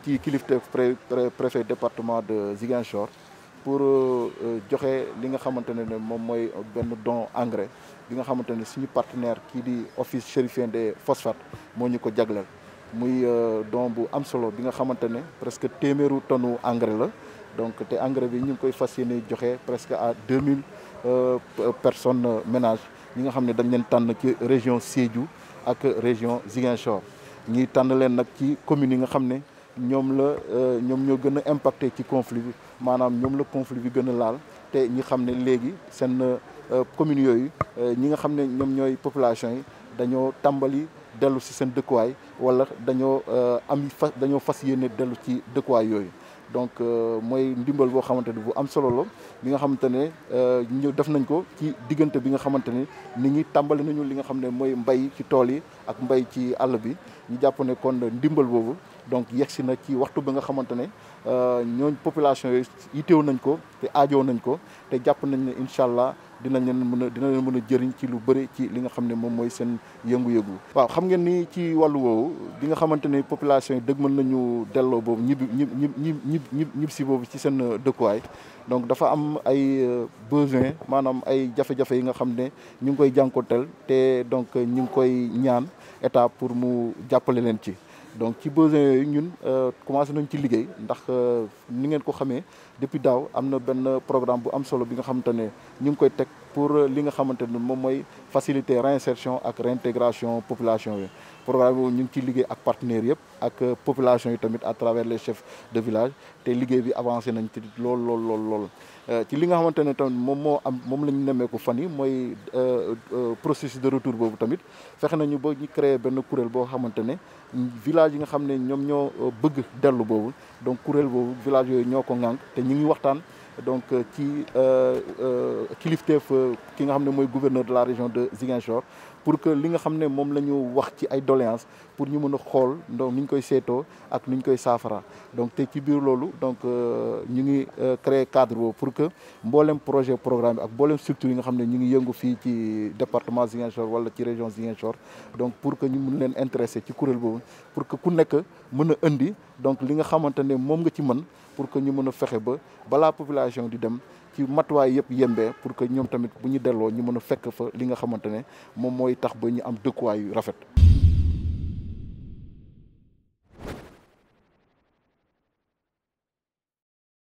ci kilifteef préfet département de Ziguinchor pour euh, euh, joxe li nga xamante ne ne moom mooy benn don engrais bi nga xamante ne suñu partenaire kii di office chérifien des phosphates moo ñu ko jagleel muy euh, don bu am solo bi nga xamante ne presque téeméeru tonne engrais la donc te engrais bi ñu ngi koy fas yéene joxe presque à deux mille personnes ménages ñi nga xam ne dañ leen tànn ci région Sédhiou ak région Ziguinchor ñi tànn leen nag ci communes yi nga xam ne ñoom la euh, ñoom ñoo gën a impacté ci conflit bi maanaam ñoom la conflit bi gën a laal te ñi xam ne léegi seen euh, communes yooyu euh, ñi nga xam ne ñoom ñooy population yi dañoo tàmbali dellu si seen dëkkuwaay wala dañoo am fas dañoo fas yéene dellu ci dëkkuwaay yooyu donc mooy ndimbal boo xamante ne bu am solo la bi nga xamante ne ñu def nañ ko ci diggante bi nga xamante ne nit ñi tàmbali nañu li nga xam ne mooy mbay ci tool yi ak mbay ci àll bi ñu jàpp ne ndimbal boobu donc yegsi na ci waxtu bi nga xamante ne euh, ñooñ population yooyu yiteewu nañ ko te aajoo nañ ko te jàpp nañ ne incha allah dinañ leen mën a dina leen mën a jëriñ ci lu bëri ci li nga xam ne moom mooy seen yëngu-yëngu. waaw xam ngeen ni ci wàllu woowu bi nga xamante ne population yi dëgg mën nañu delloo boobu ñibbi ñib ñib ñib ñib si boobu ci seen euh, dëkkuwaay donc dafa am ay euh, besoin maanaam ay jafe-jafe yi nga xam ne ñu ngi koy jànkuwanteel te donc ñu ngi koy ñaan état pour mu jàppale leen ci. donc ci besoin yooyu ñun euh, commencé nañ ci liggéey ndax euh, nu ngeen ko xamee depuis daaw am na benn programme bu am solo bi nga xamante ne ñu ngi koy teg pour euh, li nga xamante ni moom mooy faciliter réinsertion ak réintégration population yi programme boobu ñu ngi ciy liggéey ak partenaires yëpp ak euh, population yi tamit à travers les chefs de village te liggéey bi avancé nañ ci lool lool lool lool. Euh, ci li nga xamante ne tamit moom moo am moom lañu ñu nemmeeku fan yi mooy processus de retour boobu tamit fexe ñu ba ñu créer benn kuréel boo xamante ne village yi nga xam ne ñoom ñoo bëgg dellu boobu donc kuréel boobu village yooyu ñoo ko ŋànk te ñu ngi waxtaan. donc ci euh, euh, euh, kilifteef ki nga xam ne mooy gouverneur de la région de Ziguinchor pour que li nga xam ne moom la ñu wax ci ay doléances pour ñu mën a xool ndox ni ñu koy seetoo ak ni ñu koy saafara donc te ci biir loolu donc euh, ñu ngi euh, créer cadre boobu pour que mboolem projet programme ak mboolem structure yi nga xam ne ñu ngi yëngu fii ci département Ziguinchor wala ci région Ziguinchor donc pour que ñu mun leen intéressé ci kuréel boobu pour que ku nekk mën a indi donc li nga xamante ne moom nga ci mën pour que ñu mën a fexe ba balaa population di dem. ci matuwaay yëpp yembee pour que ñoom tamit bu ñu delloo ñu mën a fekk fa li nga xamante ne moom mooy tax ba ñu am dëkkuwaay yu rafet